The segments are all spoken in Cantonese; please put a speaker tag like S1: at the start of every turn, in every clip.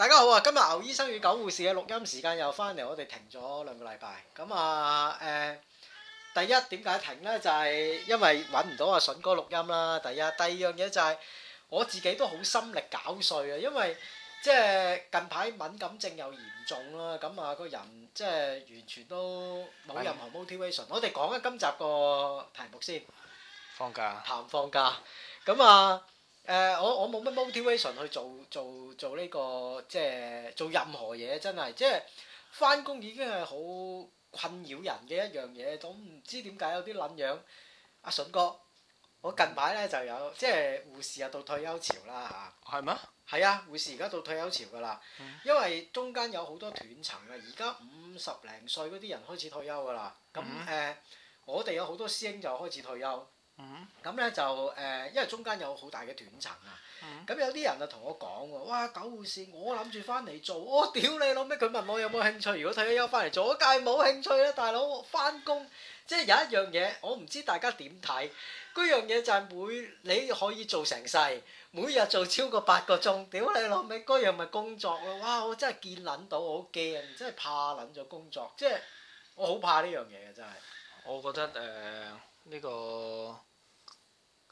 S1: 大家好啊！今日牛醫生與狗護士嘅錄音時間又翻嚟，我哋停咗兩個禮拜。咁啊，誒，第一點解停呢？就係因為揾唔到阿筍哥錄音啦。第一，第二樣嘢就係我自己都好心力交瘁啊，因為即係近排敏感症又嚴重啦。咁啊，個人即係完全都冇任何 motivation。我哋講一今集個題目先。放假。談放假。咁啊。誒、呃，我我冇乜 motivation 去做做做呢、這個，即係做任何嘢，真係即係返工已經係好困擾人嘅一,一樣嘢。咁唔知點解有啲撚樣？阿筍哥，我近排咧就有，即係護士又到退休潮啦嚇。係、啊、咩？係嗎啊，護士而家到退休潮噶啦，嗯、因為中間有好多斷層啊。而家五十零歲嗰啲人開始退休噶啦。咁誒、嗯嗯嗯，我哋有好多師兄就開始退休。咁咧、嗯、就誒、呃，因為中間有好大嘅斷層啊。咁、嗯、有啲人就同我講喎，哇，九護士，我諗住翻嚟做，我屌你老味。佢問我有冇興趣，如果退咗休翻嚟做，我梗係冇興趣啦，大佬翻工，即係有一樣嘢，我唔知大家點睇。嗰樣嘢就係每你可以做成世，每日做超過八個鐘，屌你老味，嗰樣咪工作咯。哇，我真係見撚到，我好驚，真係怕撚咗工作，即係我好怕呢樣嘢嘅真係。
S2: 我覺得誒呢、呃呢個。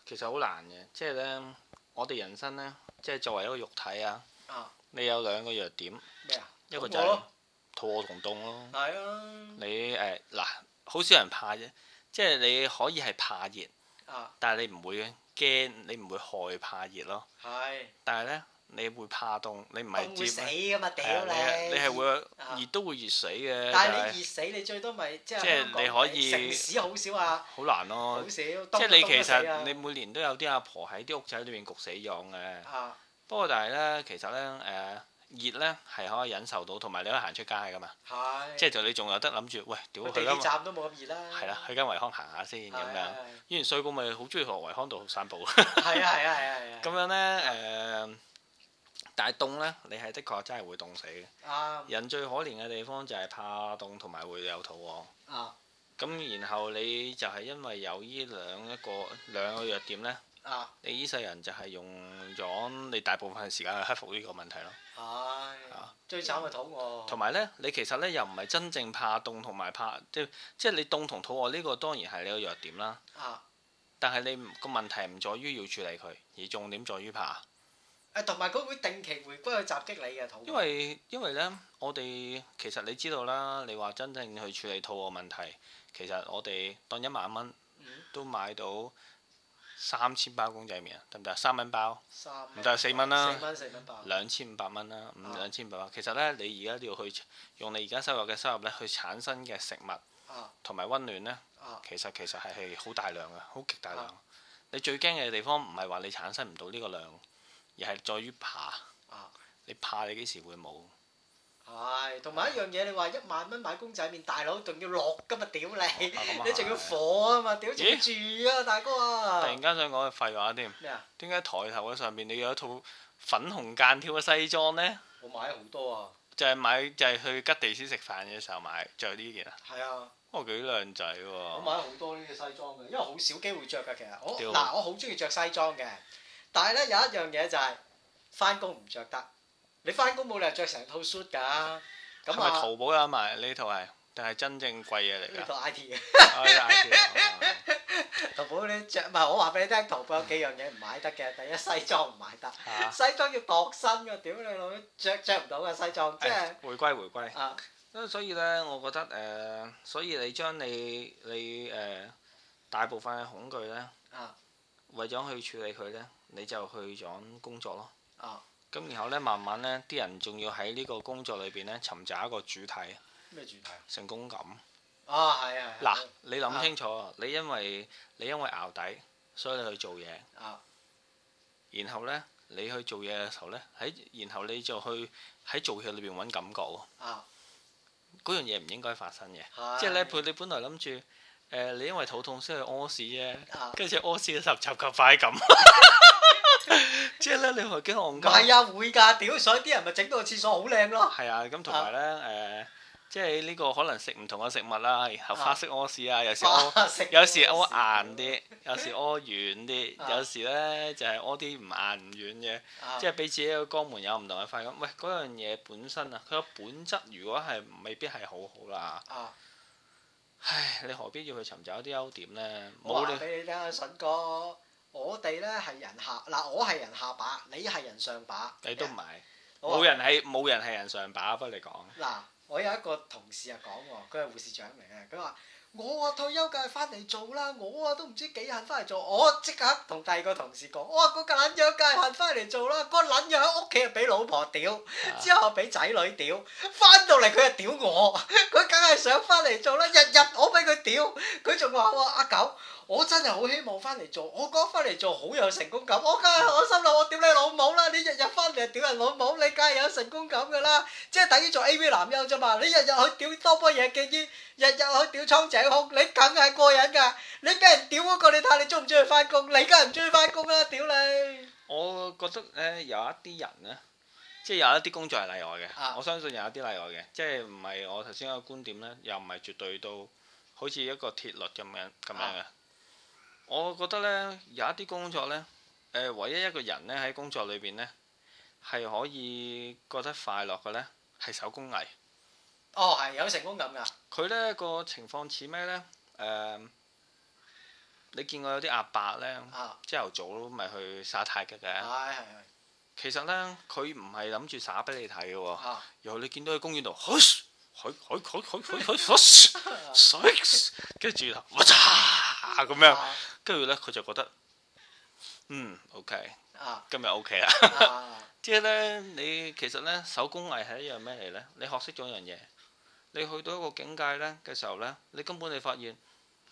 S2: 其實好難嘅，即係呢，我哋人生呢，即係作為一個肉體啊，啊你有兩個弱點，咩啊？一個就係，肚餓同凍咯。啊、你誒嗱，好、哎、少人怕啫，即係你可以係怕熱，啊、但係你唔會驚，你唔會害怕熱咯。
S1: 係。
S2: 但係呢。你會怕凍，你唔係咁會死噶嘛？屌你，你係會熱都會熱死嘅。但係你熱死你
S1: 最多咪即係講城市好
S2: 少啊，好難咯，好少。即係你其實你每年都有啲阿婆喺啲屋仔裏面焗死咗嘅。不過但係咧，其實咧誒熱咧係可以忍受到，同埋你可以行出街噶嘛。即係就你仲有得諗住喂，屌地鐵站
S1: 都冇咁熱啦。係啦，
S2: 去間維康行下先咁樣。以前細個咪好中意學維康度散步。係啊係啊係啊！咁樣咧誒。但係凍呢，你係的確真係會凍死嘅。啊、人最可憐嘅地方就係怕凍同埋會有肚餓。啊。咁然後你就係因為有呢兩一個兩個弱點呢，啊、你呢世人就係用咗你大部分時間去克服呢個問題咯。
S1: 啊。啊最慘嘅肚餓。同
S2: 埋呢，你其實呢又唔係真正怕凍同埋怕即即係、就係、你凍同肚餓呢、呢個當然係你個弱點啦。啊、但係你個問題唔在於要處理佢，而重點在於怕。
S1: 誒，同埋佢會定期回歸去襲擊你嘅肚。因為
S2: 因為呢，我哋其實你知道啦。你話真正去處理肚餓問題，其實我哋當一萬蚊都買到三千包公仔麪啊，得唔得？三蚊包，
S1: 唔得就四蚊啦，
S2: 兩千五百蚊啦，五兩千五百蚊。其實呢，你而家都要去用你而家收入嘅收入呢去產生嘅食物同埋溫暖呢。其實其實係係好大量嘅，好極大量。你最驚嘅地方唔係話你產生唔到呢個量。而係在於怕、啊，你怕你幾時會冇？
S1: 係，同埋一樣嘢，吧你話一萬蚊買公仔麵大佬，仲要落㗎嘛？屌、哦、 你，你仲要火啊嘛？屌、欸、住啊，大哥啊！突然間
S2: 想講句廢話添。咩啊麼？點解台頭嘅上邊你有一套粉紅間條嘅西裝咧？
S1: 我買咗好多啊！
S2: 就係買就係、是、去吉地士食飯嘅時候買，著呢件啊？
S1: 係、
S2: 哦、啊！我幾靚仔喎！我買咗好
S1: 多呢啲西裝嘅，因為好少機會著嘅，其實我，嗱我好中意著西裝嘅。但係咧有一樣嘢就係翻工唔著得，你翻工冇理由著成套 suit 㗎。咁啊，係咪淘
S2: 寶揀埋呢套係？定係真正貴嘢
S1: 嚟㗎？呢套 I T 嘅。淘寶你著，唔係我話俾你聽，淘寶有幾樣嘢唔買得嘅。第一西裝唔買得，西裝要度身㗎，屌你老味，著著唔到㗎西裝，即係。
S2: 迴歸迴歸。啊。咁所以咧，我覺得誒，所以你將你你誒大部分嘅恐懼咧。啊。為咗去處理佢呢，你就去咗工作咯。咁、啊、然後呢，慢慢呢啲人仲要喺呢個工作裏邊呢尋找一個主題。咩主題？成功感。
S1: 啊，係啊。嗱，
S2: 你諗清楚，你因為你因為淆底，所以你去做嘢。啊。然後呢，你去做嘢嘅時候呢，喺然後你就去喺做嘢裏邊揾感覺
S1: 喎。
S2: 嗰樣嘢唔應該發生嘅，即係咧，佢、啊、你本來諗住。誒、呃、你因為肚痛先去屙屎啫，跟住屙屎嘅時候就吸快感，
S1: 即係咧你係叫戇鳩。係啊，會㗎，屌！所以啲人咪整到個廁所好靚咯。
S2: 係啊，咁同埋咧誒，即係呢個可能食唔同嘅食物啦，然後花式屙屎啊，有時屙，啊、有時屙硬啲，有時屙軟啲，有時咧就係屙啲唔硬唔軟嘅，啊、即係俾自己個肛門有唔同嘅快感。喂，嗰樣嘢本身啊，佢個本質如果係未必係好好啦。啊啊啊啊啊唉，你何必要去尋找啲優點呢？冇俾你
S1: 聽啊，信哥，我哋呢係人下嗱，我係人下把，你係人上把，你都唔係，冇麼人
S2: 係冇說人係人上把，不如你講。
S1: 嗱，我有一個同事啊，講喎，佢係護士長嚟嘅，佢話。我啊，退休梗係翻嚟做啦，我啊都唔知幾恨翻嚟做。我即刻同第二個同事講，我話個撚樣梗係恨翻嚟做啦，個撚樣喺屋企啊俾老婆屌，之後俾仔女屌，翻到嚟佢又屌我，佢梗係想翻嚟做啦，日日我俾佢屌，佢仲話我阿狗。啊，我真係好希望翻嚟做，我覺得翻嚟做好有成功感。我梗係我心諗，我屌你老母啦！你日日翻嚟屌人老母，你梗係有成功感噶啦！即係等於做 A.V. 男優咋嘛？你日日去屌多波嘢嘅嘢，日日去屌蒼井空，你梗係過癮㗎！你俾人屌嗰個你你喜喜，你睇下你中唔中意翻工？你梗係唔中意翻工啦！屌你！
S2: 我覺得咧有一啲人咧，即係有一啲工作係例外嘅。啊、我相信有一啲例外嘅，即係唔係我頭先嗰個觀點咧？又唔係絕對都好似一個鐵律咁樣咁樣嘅。啊我覺得呢，有一啲工作呢，誒、呃、唯一一個人呢，喺工作裏邊呢，係可以覺得快樂嘅呢，係手工藝。哦，
S1: 係有成功感噶。
S2: 佢呢、這個情況似咩呢？誒、呃，你見過有啲阿伯呢，朝頭早咪去耍太極嘅。 其實呢，佢唔係諗住耍俾你睇嘅喎。然後你見到佢公園度，跟住住啊咁樣，跟住咧，佢就覺得，嗯，OK，啊，今日 OK 啦。即係咧，你其實咧，手工藝係一樣咩嚟咧？你學識咗一樣嘢，你去到一個境界咧嘅時候咧，你根本你發現，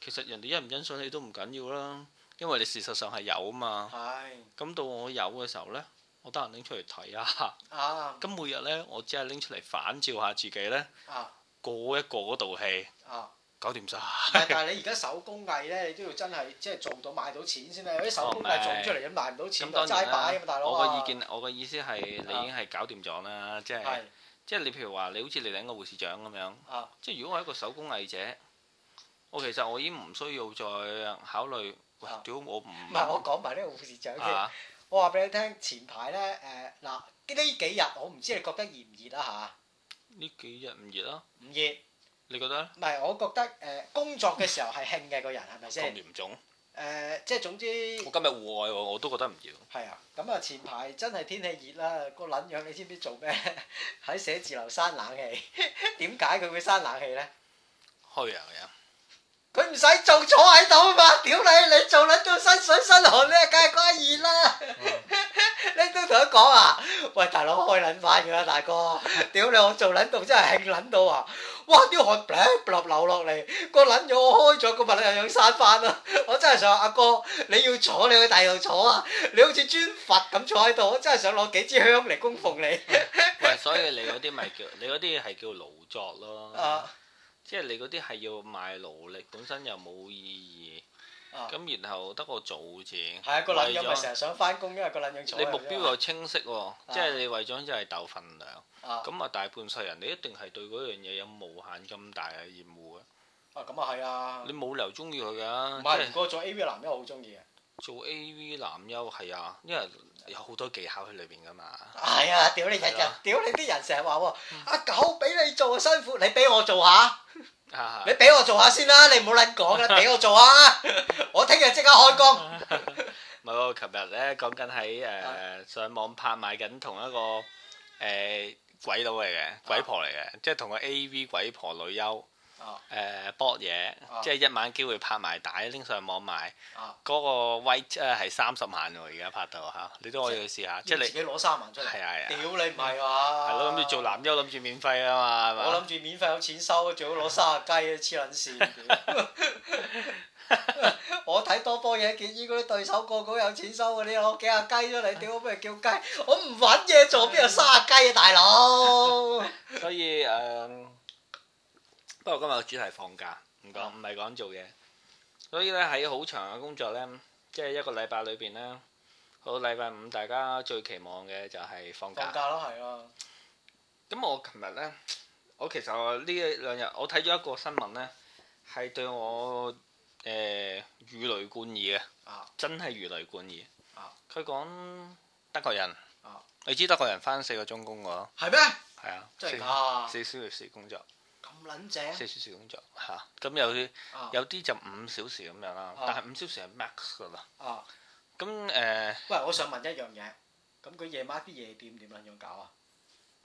S2: 其實人哋欣唔欣賞你都唔緊要啦，因為你事實上係有啊嘛。係。咁到我有嘅時候咧，我得閒拎出嚟睇啊。啊。咁每日咧，我只係拎出嚟反照下自己咧。啊。過一過嗰道氣。啊啊搞掂晒，
S1: 但係你而家手工藝咧，你都要真係即係做到賣到錢先啦。有啲手工藝做出嚟，咁賣唔到錢又齋擺，大佬，我嘅意見，
S2: 我嘅意思係你已經係搞掂咗啦，即係即係你譬如話，你好似你揾個護士長咁樣，即係如果我係一個手工藝者，我其實我已經唔需要再考慮。屌我唔。唔係我
S1: 講埋呢個護士長先。我話俾你聽，前排咧誒嗱呢幾日，我唔知你覺得熱唔熱呀嚇。呢幾日唔熱囉。唔熱。你覺得咧？唔係，我覺得誒、呃、工作嘅時候係興嘅個人係咪先？咁 嚴重？誒、呃，即係總之。我今日戶
S2: 外喎，我都覺得唔要。
S1: 係啊，咁啊前排真係天氣熱啦，個撚樣你知唔知做咩？喺 寫字樓閂冷氣，點解佢會閂冷氣咧？開揚， 嘅。佢唔使做，坐喺度嘛？屌你！你做撚到身水身汗咧，梗係關熱啦！你，然然 你都同佢講啊，喂，大佬開撚飯嘅啦，大哥！屌你！我做撚到真係興撚到啊！哇！啲汗卜卜流落嚟，個撚咗我開咗個麥又有生飯啊！我真係想話，阿哥，你要坐，你去大度坐啊！你好似尊佛咁坐喺度，我真係想攞幾支香嚟供奉你。
S2: 唔 係、呃，所以你嗰啲咪叫你嗰啲係叫勞作咯。啊即係你嗰啲係要賣勞力，本身又冇意義，咁、啊、然後得個做字。係啊，個了、啊、
S1: 你目標又
S2: 清晰喎，啊哦、即係你為咗真係鬥份量，咁啊、嗯、大半世人你一定係對嗰樣嘢有無限咁大嘅厭惡嘅。啊，咁啊係啊。啊
S1: 啊啊你
S2: 冇理由中意佢㗎。唔係是，嗰、就是、個
S1: 做 A V 嘅男人我好中意啊。做 A.V.
S2: 男優係啊，因為有好多技巧喺裏邊噶嘛。
S1: 係啊，啊，屌你日日、啊，屌你啲人成日話阿狗俾你做辛苦，你俾我做下。啊啊、你俾我做下先啦、啊，你唔好撚講啦，俾我做下。」 我聽日即刻開工。
S2: 咪我琴日咧講緊喺誒上網拍賣緊同一個誒、呃、鬼佬嚟嘅鬼婆嚟嘅，啊、即係同一個 A.V. 鬼婆女優，誒博嘢，即係一晚機會拍埋帶，拎上網賣。嗰個威誒係三十萬喎，而家拍到嚇，你都可以去試下。即係你自己
S1: 攞三萬出嚟。係啊，屌，你唔係嘛？係咯，諗
S2: 住做男優，諗住免費啊嘛。我諗
S1: 住免費有錢收，最好攞三十雞。黐撚線。我睇多波嘢，見依啲對手個個有錢收，你攞幾十雞出嚟？屌，不如叫雞！我唔揾嘢做，邊有三十雞啊，大佬？
S2: 所以誒。不過今日個主題放假，唔講唔係講做嘢，所以咧喺好長嘅工作咧，即係一個禮拜裏邊咧，好禮拜五大家最期望嘅就係放假。放假咯，係咯、啊。咁我琴日咧，我其實呢兩日我睇咗一個新聞咧，係對我誒、呃啊、如雷貫耳嘅，真係如雷貫耳。啊！佢講德國人，啊！你知德國人返四個鐘工噶，係咩嗎？係啊，即係四小時工作。四小時工作嚇，咁有啲有啲就五小時咁樣啦，但係五小時係 max 噶啦。咁誒，喂，我想問一樣嘢，
S1: 咁佢夜晚啲夜店點樣
S2: 樣搞啊？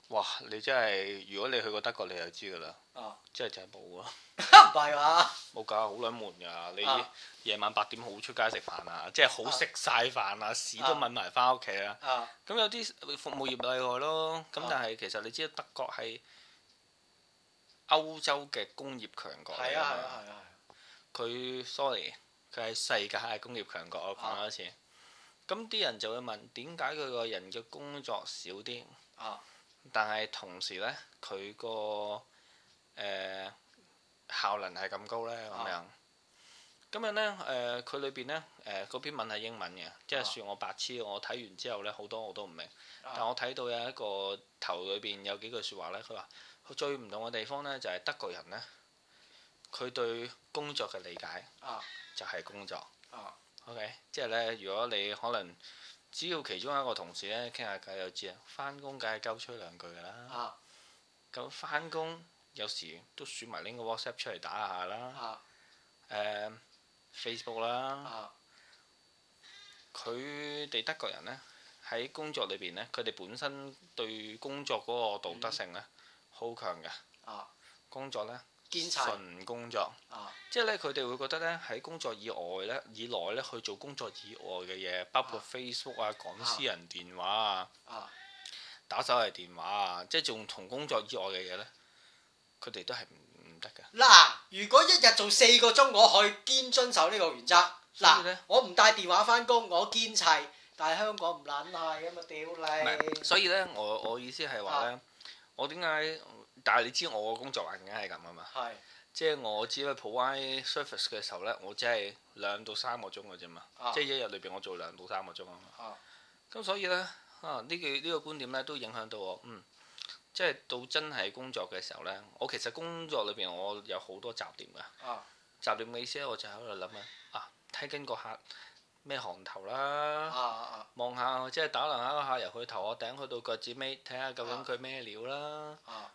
S2: 哇！你真係如果你去過德國，你就知噶啦。哦。真係就係冇啊，唔係嘛？冇搞，好卵悶噶！你夜晚八點好出街食飯啊，即係好食晒飯啊，屎都揾埋返屋企啊。咁有啲服務業例外咯，咁但係其實你知道德國係。歐洲嘅工業強國，係啊係啊係啊，佢、啊啊啊、sorry，佢喺世界係工業強國我講多次。咁啲、啊、人就會問點解佢個人嘅工作少啲？啊、但係同時呢，佢個、呃、效能係咁高呢？咁樣今日呢，誒佢裏邊呢，誒、呃、嗰篇文係英文嘅，即係算我白痴。我睇完之後呢，好多我都唔明，但我睇到有一個頭裏邊有幾句説話呢，佢話佢最唔同嘅地方呢，就係、是、德國人呢，佢對工作嘅理解就係工作。啊啊、o、okay? K，即係呢，如果你可能只要其中一個同事呢，傾下偈，就知啦。翻工梗係鳩吹兩句㗎啦。咁翻工有時都選埋拎個 WhatsApp 出嚟打下啦。誒、啊。啊 Facebook 啦，佢哋德國人呢，喺工作裏邊呢，佢哋本身對工作嗰個道德性呢，好、嗯、強嘅。Uh. 工作咧，純持工作。Uh. 即係呢，佢哋會覺得呢，喺工作以外呢，以內呢，去做工作以外嘅嘢，包括 Facebook 啊、講私人電話啊、uh. 打手提電話啊，即係仲同工作以外嘅嘢呢，佢哋都係唔唔得嘅。
S1: 嗱。如果一日做四個鐘，我去堅遵守呢個原則。嗱，我唔帶電話翻工，我堅砌。但係香港唔撚係啊嘛，屌你、嗯！嗯、
S2: 所以咧，我我意思係話咧，啊、我點解？但係你知我個工作環境係咁啊嘛。係是。即係我只係 provide service 嘅時候咧，我只係兩到三個鐘嘅啫嘛。即係、啊、一日裏邊我做兩到三個鐘啊嘛。咁所以咧，啊呢個呢個觀點咧都影響到我嗯。即係到真係工作嘅時候呢，我其實工作裏邊我有好多雜念㗎。啊！雜念嘅意思呢，我就喺度諗啊，睇緊個客咩行頭啦，望下即係打量下個客由佢頭殼頂去到腳趾尾，睇下究竟佢咩料啦。啊 uh,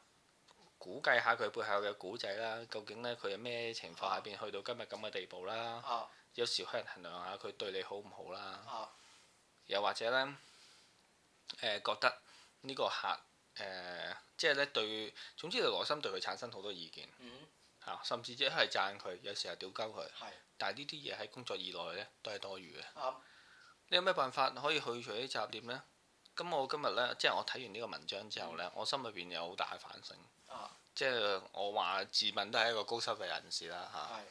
S2: 估計下佢背後嘅古仔啦，究竟呢，佢係咩情況下邊去到今日咁嘅地步啦？啊 uh, 有時可能衡量下佢對你好唔好啦。啊、uh, uh, 又或者呢，誒、呃、覺得呢個客。誒、呃，即係咧對，總之就內心對佢產生好多意見，嚇、嗯，甚至即係讚佢，有時候屌鳩佢，的但係呢啲嘢喺工作以內咧都係多餘嘅。啊、你有咩辦法可以去除啲雜念咧？咁、嗯、我今日咧，即係我睇完呢個文章之後咧，嗯、我心裏邊有好大嘅反省，啊、即係我話自問都係一個高收費人士啦，嚇。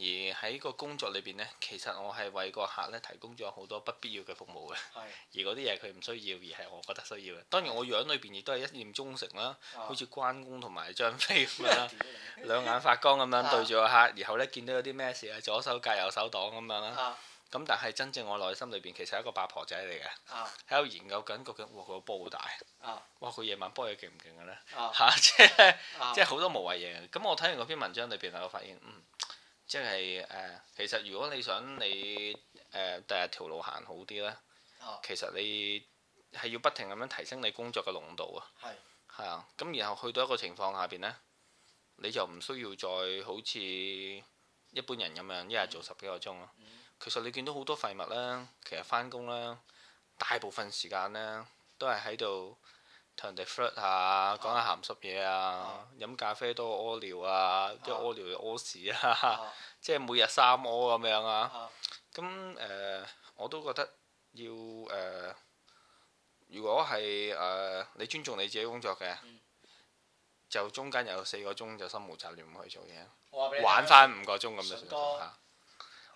S2: 而喺個工作裏邊呢，其實我係為個客呢提供咗好多不必要嘅服務嘅。而嗰啲嘢佢唔需要，而係我覺得需要嘅。當然我樣裏邊亦都係一念忠誠啦，好似關公同埋張飛咁樣啦，兩眼發光咁樣對住個客，然後呢，見到有啲咩事啊，左手戒右手擋咁樣啦。啊。咁但係真正我內心裏邊其實係一個八婆仔嚟嘅。喺度研究緊究竟，哇佢波好大。哇佢夜晚波嘢勁唔勁嘅呢？啊。嚇！即係即係好多無謂嘢。咁我睇完嗰篇文章裏邊，我發現嗯。即係誒、呃，其實如果你想你第、呃、日條路行好啲呢，啊、其實你係要不停咁樣提升你工作嘅濃度啊。係，啊。咁然後去到一個情況下邊呢，你就唔需要再好似一般人咁樣一日做十幾個鐘咯、啊嗯。其實你見到好多廢物啦，其實返工啦，大部分時間呢，都係喺度。人哋 flirt 下，講下鹹濕嘢啊，飲咖啡多屙尿啊，即係一屙尿又屙屎啊，即係每日三屙咁樣啊。咁誒，我都覺得要誒，如果係誒你尊重你自己工作嘅，就中間有四個鐘就心無雜念唔去做嘢，玩翻五個鐘咁就算
S1: 啦。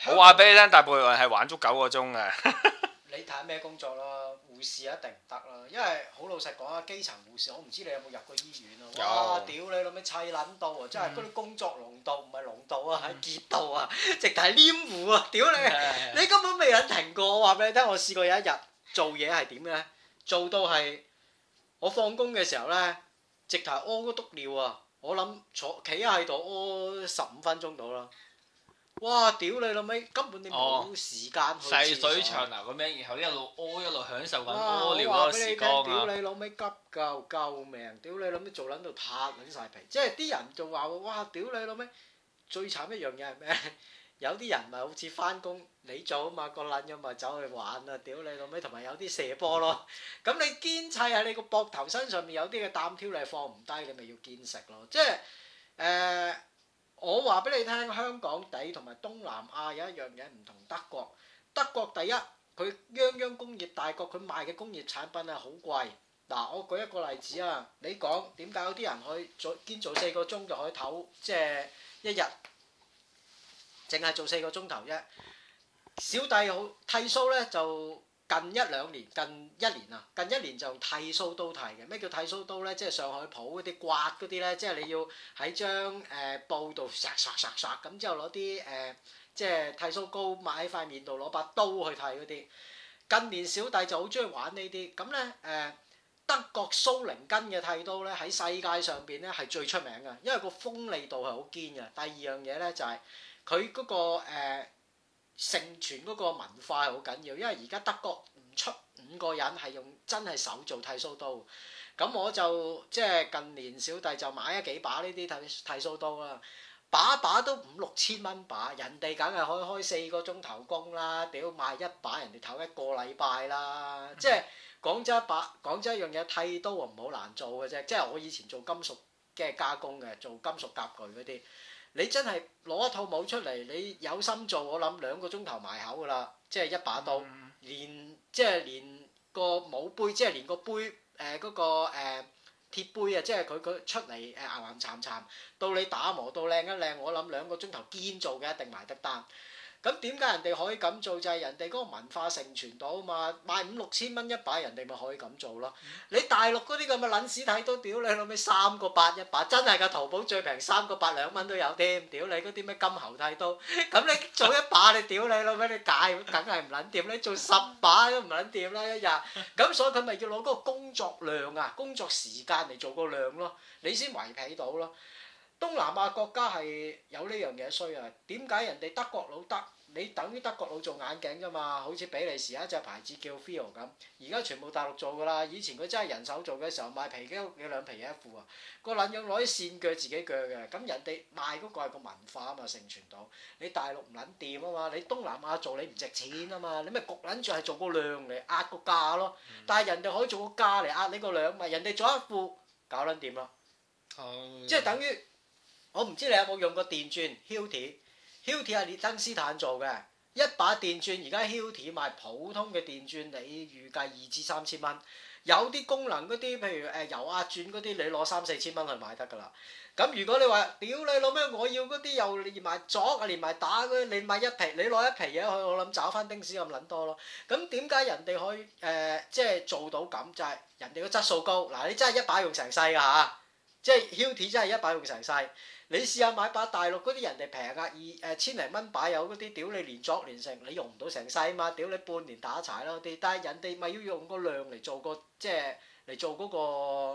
S1: 我話俾你
S2: 聽，大部分人係玩足九個鐘嘅。
S1: 你睇下咩工作咯？護士一定唔得啦，因為好老實講啊，基層護士我唔知你有冇入過醫院啊！有哇，屌你諗咩砌撚到啊！嗯、真係嗰啲工作濃度唔係濃度啊，係傑度啊，直頭黏糊啊！屌你，的你根本未肯停過。我話俾你聽，我試過有一日做嘢係點嘅咧？做到係我放工嘅時候咧，直頭屙督尿啊！我諗坐企喺度屙十五分鐘到啦。哇！屌你老味，根本你冇時間、哦、去洗手間。細水長流咁
S2: 樣，然後一路屙一路享受緊屙尿嗰個時光啊！屌你
S1: 老味急救救命！屌你老味做撚到癱撚晒皮，即係啲人仲話喎：哇！屌你老味，最慘一樣嘢係咩？有啲人咪好似翻工，你做啊嘛，個撚嘢咪走去玩啊！屌你老味，同埋有啲射波咯。咁你堅砌喺你個膊頭身上面有啲嘅擔挑你係放唔低，你咪要堅食咯。即係誒。呃我話俾你聽，香港底同埋東南亞有一樣嘢唔同德國，德國第一，佢泱泱工業大國，佢賣嘅工業產品係好貴。嗱，我舉一個例子啊，你講點解有啲人可以做兼做四個鐘就可以唞，即係一日淨係做四個鐘頭啫？小弟好剃須咧就～近一兩年，近一年啊，近一年就用剃鬚刀剃嘅。咩叫剃鬚刀咧？即係上海普嗰啲刮嗰啲咧，即係你要喺張誒布度剎剎剎剎咁，之後攞啲誒即係剃鬚膏抹喺塊面度，攞把刀去剃嗰啲。近年小弟就好中意玩呢啲咁咧誒，德國蘇寧根嘅剃刀咧喺世界上面咧係最出名嘅，因為個鋒利度係好堅嘅。第二樣嘢咧就係佢嗰個、呃盛傳嗰個文化係好緊要，因為而家德國唔出五個人係用真係手做剃鬚刀。咁我就即係、就是、近年小弟就買咗幾把呢啲剃剃鬚刀啦，把把都五六千蚊把，人哋梗係開開四個鐘頭工啦，屌賣一把人哋唞一個禮拜啦，嗯、即係廣，廣州一把廣州一樣嘢剃刀啊唔好難做嘅啫，即係我以前做金屬嘅加工嘅，做金屬夾具嗰啲。你真係攞一套帽出嚟，你有心做，我諗兩個鐘頭埋口㗎啦，即係一把刀，嗯、連即係連個帽，連個帽、呃那個呃、杯，即係連個杯誒嗰個誒鐵杯啊，即係佢佢出嚟誒岩岩巉巉，到你打磨到靚一靚，我諗兩個鐘頭堅做嘅一定埋得單。咁點解人哋可以咁做，就係人哋嗰個文化承傳到嘛？賣五六千蚊一把，人哋咪可以咁做咯。你大陸嗰啲咁嘅撚屎剃刀，屌你老味三個八一把，真係㗎！淘寶最平三個八兩蚊都有添，屌你嗰啲咩金猴剃刀，咁你做一把你屌你老味你解，梗係唔撚掂你做十把都唔撚掂啦一日，咁所以佢咪要攞嗰個工作量啊，工作時間嚟做個量咯，你先維皮到咯。東南亞國家係有呢樣嘢衰啊！點解人哋德國佬得？你等於德國佬做眼鏡㗎嘛？好似比利時一隻牌子叫 Phil 咁、e，而家全部大陸做㗎啦。以前佢真係人手做嘅時候，賣皮幾幾兩皮一副啊！個捻樣攞啲線鋸自己鋸嘅，咁人哋賣嗰個係個文化啊嘛，成傳到你大陸唔捻掂啊嘛，你東南亞做你唔值錢啊嘛，你咪焗捻住係做個量嚟壓個價咯。嗯、但係人哋可以做個價嚟壓你個量，咪人哋做一副搞捻掂咯。嗯、即係等於。我唔知你有冇用過電鑽，Hilti，Hilti 係列登斯坦做嘅，一把電鑽而家 Hilti 賣普通嘅電鑽，你預計二至三千蚊，有啲功能嗰啲，譬如誒油壓鑽嗰啲，你攞三四千蚊去買得噶啦。咁如果你話屌你老咩，我要嗰啲又連埋鑿啊，連埋打嗰，你買一皮，你攞一皮嘢去，我諗找翻丁屎咁撚多咯。咁點解人哋可以、呃、即係做到咁？就係、係、人哋個質素高，嗱你真係一把用成世㗎嚇。啊。即係 Hilti 真係一把用成世，你試下買把大陸嗰啲人哋平啊，二誒千零蚊把有嗰啲屌你連作連成，你用唔到成世嘛，屌你半年打柴咯啲，但係人哋咪要用個量嚟做個即係嚟做嗰、嗰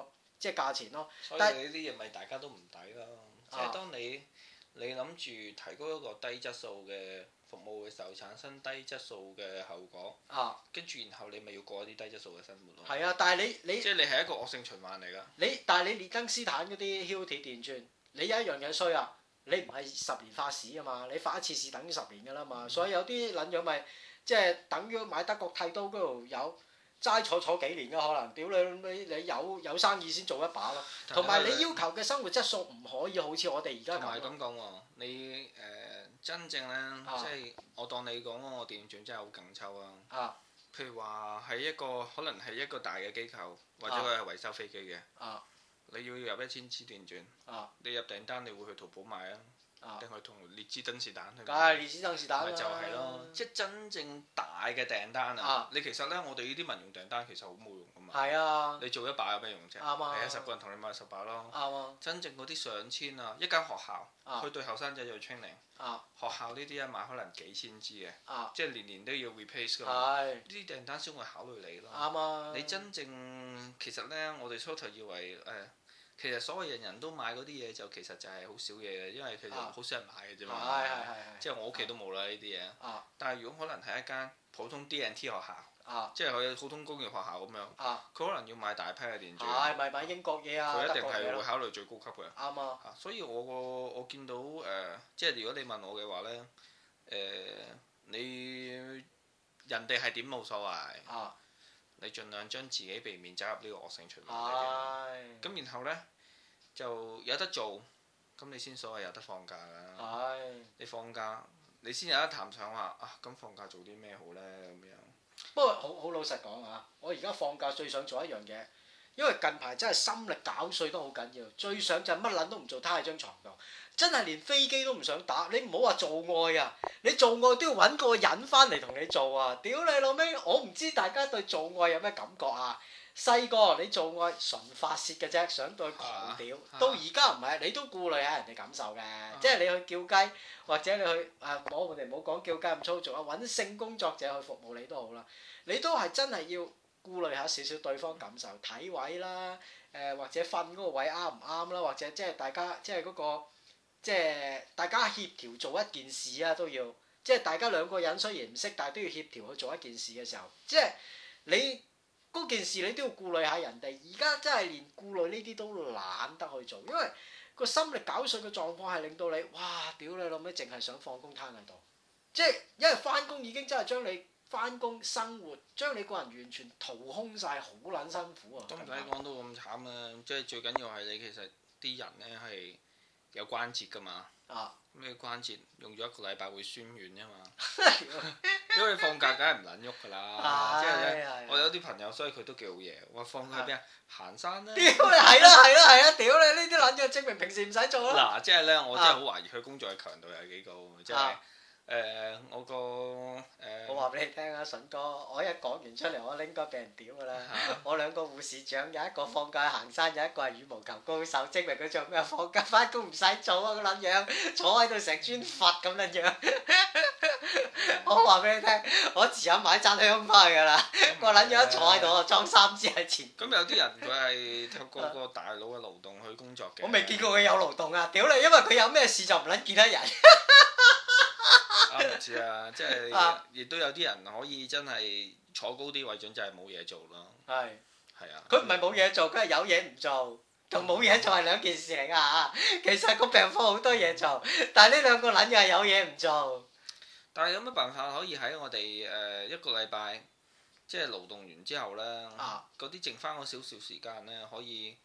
S1: 個即係價錢咯。所以
S2: 呢啲嘢咪大家都唔抵咯，即係、啊、當你你諗住提高一個低質素嘅。服務嘅時候產生低質素嘅後果，跟住、啊、然後你咪要過啲低質素嘅生活咯。係啊，但係你
S1: 你即係你係一個惡性循環嚟㗎。你但係你列根斯坦嗰啲《軒尼詩電鑽》，你有一樣嘢衰啊！你唔係十年發市㗎嘛？你發一次市等於十年㗎啦嘛。嗯、所以有啲咁樣咪即係等於買德國剃刀嗰度有齋坐坐幾年㗎可能。屌你你你有有生意先做一把咯。同埋你，你，你要求嘅生活質素唔可以好似我哋而家咁。唔係咁講喎，你誒。
S2: 呃真正呢，即係我當你講個電轉真係好勁抽啊！譬如話喺一個可能係一個大嘅機構，或者佢係維修飛機嘅，你要入一千支電轉，你入訂單你會去淘寶買啊，定係同列支敦士登？梗係列支敦士登啦，就係咯。即係真正大嘅訂單啊！你其實呢，我哋呢啲民用訂單其實好冇用。係啊！你做一把有咩用啫？啱啊！係啊，十個人同你買十把咯。啱啊！真正嗰啲上千啊，一間學校佢對後生仔做 training。啊！學校呢啲一買可能幾千支嘅。即係年年都要 replace 㗎嘛。呢啲訂單先會考慮你咯。啱啊！你真正其實咧，我哋初頭以為誒，其實所謂人人都買嗰啲嘢，就其實就係好少嘢嘅，因為其實好少人買嘅啫嘛。係係係。即係我屋企都冇啦呢啲嘢。但係如果可能係一間普通 DNT 學校。啊、即係佢普通工業學校咁樣，佢、啊、可能要買大批嘅電掣。係、啊，咪買
S1: 英國嘢啊？佢一定係會考慮最高級嘅。
S2: 啱啊！所以我個我見到誒、呃，即係如果你問我嘅話咧，誒、呃、你人哋係點冇所謂，啊、你盡量將自己避免走入呢個惡性循環。咁係然後咧就有得做，咁你先所謂有得放假啦。係
S1: 你放假，你先有得談上話啊！咁放假做啲咩好咧？咁樣。不過好好老實講啊，我而家放假最想做一樣嘢，因為近排真係心力搞碎都好緊要，最想就係乜撚都唔做，攤喺張床度，真係連飛機都唔想打。你唔好話做愛啊，你做愛都要揾個人翻嚟同你做啊，屌你老味，我唔知大家對做愛有咩感覺啊。細個你做愛純發泄嘅啫，想對佢狂屌。啊啊、到而家唔係，你都顧慮下人哋感受嘅，啊、即係你去叫雞，或者你去誒、啊，我哋唔好講叫雞咁粗俗啊，揾性工作者去服務你都好啦。你都係真係要顧慮下少少對方感受，體、嗯、位啦，誒、呃、或者瞓嗰個位啱唔啱啦，或者即係大家即係嗰、嗰個即係大家協調做一件事啊，都要即係大家兩個人雖然唔識，但係都要協調去做一件事嘅時候，即係你。嗰件事你都要顧慮下人哋，而家真係連顧慮呢啲都懶得去做，因為個心力搞碎嘅狀況係令到你，哇！屌你老味，淨係想放工攤喺度，即係因為返工已經真係將你返工生活，將你個人完全掏空晒，好撚辛苦啊！都唔使講
S2: 到咁慘啊，即係最緊要係你其實啲人呢係有關節㗎嘛。啊！咩關節用咗一個禮拜，會酸軟啊嘛， 因為放假梗係唔撚喐噶啦，即係咧，我有啲朋友，所以佢都幾好嘢。我放假邊啊？的行山咧。
S1: 屌你係咯係咯係咯！屌你呢啲撚嘢，證明平時唔使做咯。嗱，即係
S2: 咧，我真係好懷疑佢工作嘅強度有幾高。即係。誒、呃、我個
S1: 誒、呃、我話俾你聽啊，筍哥，我一講完出嚟，我應該俾人屌噶啦！啊、我兩個護士長有一個放假行山，有一個係羽毛球高手，證明佢做咩放假翻工唔使做啊！個撚樣坐喺度成尊佛咁樣樣， 我話俾你聽，我遲啲買一扎香翻去噶啦！個撚樣坐喺度裝三支喺前。咁有啲人佢係透過個大
S2: 佬嘅勞動去工作嘅。 我未
S1: 見過佢有勞動啊！屌你，因為佢有咩事就唔撚見得人。
S2: 知 啊，即係亦都有啲人可以真係坐
S1: 高啲位，就係冇嘢做咯。係係是啊，佢唔係冇嘢做，佢係有嘢唔做，同冇嘢做係兩件事嚟㗎嚇。其實個病科好多嘢做，但係呢兩個撚又係有嘢唔做。
S2: 但係有乜辦法可以喺我哋誒一個禮拜即係勞動完之後咧，嗰啲、啊、剩翻嗰少少時間咧，可以